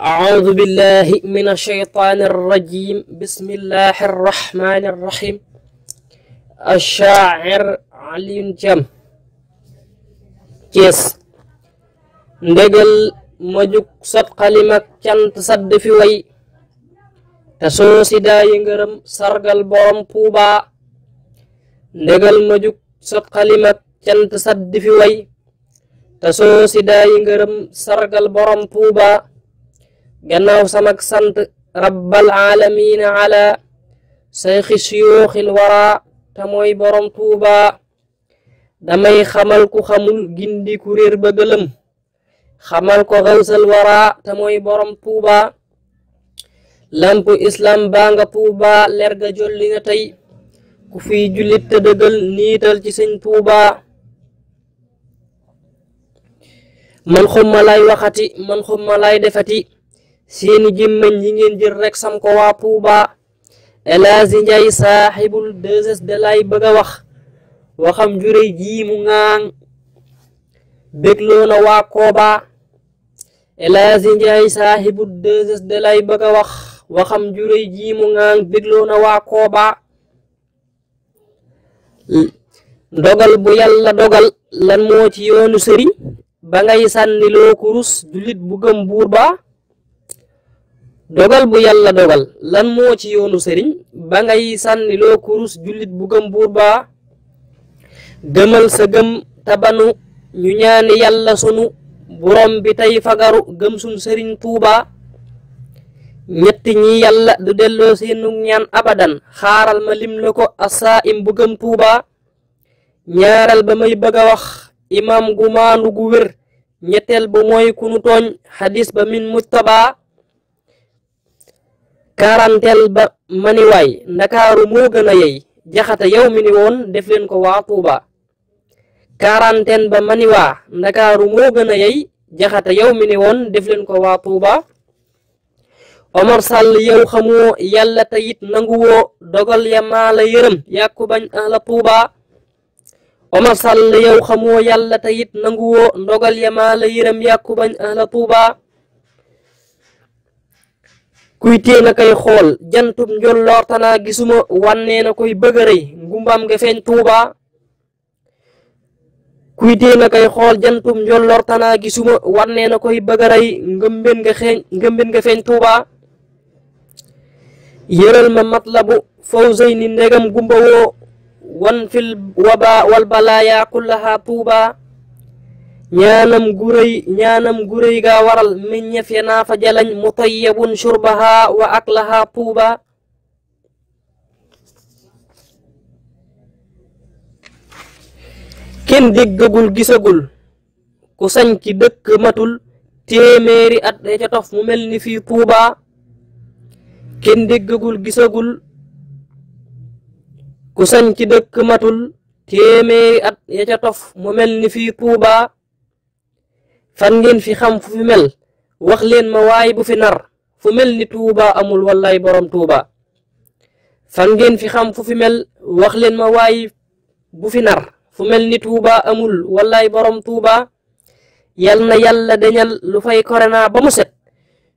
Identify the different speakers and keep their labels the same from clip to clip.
Speaker 1: أعوذ بالله من الشيطان الرجيم بسم الله الرحمن الرحيم الشاعر علي جم كيس ندقل مجوك لما كان تصد في وي تسوسي دا ينغرم سرقل بورم فوبا ندقل مجوك سبقلمك كان تصد في وي تسوسي دا ينغرم سرقل بورم فوبا gannaaw samak sant rabbal aalamiina ala sayxi siyooxil wara te borom tuuba
Speaker 2: damay xamal ku
Speaker 1: xamul gindi ku réer ba gëlëm xamal ko xawsal wara te mooy borom tuuba lampu islam baa tuuba leer ga jolli na tey ku fiy jullit te niital ci sëñ tuuba man xumma waxati man xumma defati seeni gémmañ yi ngeen jël rek sam ko waa Touba El Hadji Ndiaye saaxibul 2S de lay bëgg a wax waxam jure jii mu ŋaaŋ bégloo na waa Kooba El Hadji Ndiaye de lay bëgg a wax waxam jure jii mu ŋaaŋ bégloo na waa Kooba dogal bu yàlla dogal lan moo ci yoonu sëriñ ba julit bu gëm dogal bu yàlla dogal lan moo ci yoonu sëriñ ba ngay sànni loo kurus jullit bu gëm buur baa gëmal tabanu ñu ñaani yàlla sunu borom bi tey fagaru gëm sun sëriñ tuubaa ñett ñi yàlla du delloo seenu ñaan abadan xaaral ma lim la ko asaa im bu gëm tuubaa ñaaral ba may bëgg wax imaam gu maandu gu wér ñetteel ba mooy ku tooñ xadis ba min mujtabaa kaaranteel ba maniwaay ndakaaru moo gën a yey jaxata yow mi ni woon def leen ko waa Tuuba quarantaine ba maniwaa ndakaaru moo gën a yey jaxata yow mi ni woon def leen ko waa Tuuba
Speaker 2: Omar Sall yow xamoo
Speaker 1: yàlla te it nanguwoo dogal ya maa la yërëm yàkku bañ ahla la Tuuba kuy teel a koy xool jantub njolloor tanaa gisuma wànnee na koy bëgg a rëy ngumbaam kuy teel a xool jantub njolloor tanaa gisuma wànnee na koy bëgg a rëy ngëmbeen nga xeeñ ngëmbeen nga feeñ tuuba yëral waba wal balaaya kullaha ñaanam gu rëy ñaanam gu rëy gaa waral meññeef ya naa fa jalañ mutayyabun shurbaha wa aklaha tuuba kenn déggagul gisagul ku sañ dëkk matul téeméeri at ya tof mu mel ni fii tuuba kenn gisagul ku sañ ci dëkk matul téeméeri at tof mu mel ni fii fan ngeen fi xam fu fi mel wax leen ma waay bu fi nar fu mel ni tuuba amul wallaay borom tuuba fan ngeen fi xam fu fi mel wax leen ma waay bu fi nar fu mel ni tuuba amul wallaay borom tuuba yal na yàlla dañal lu fay korona ba mu set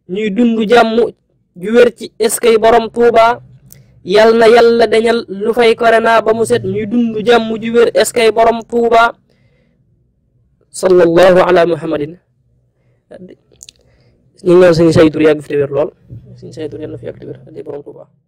Speaker 1: ñuy dund jàmm ju wér ci eskay borom tuuba yal na yàlla dañal lu fay korona ba mu set ñuy dund jàmm ju wér eskay borom tuuba صلى الله على محمد نيغا سين سايدور ياك فيبر لول سين سايدور يالا فيك فيبر دي بروم كوبا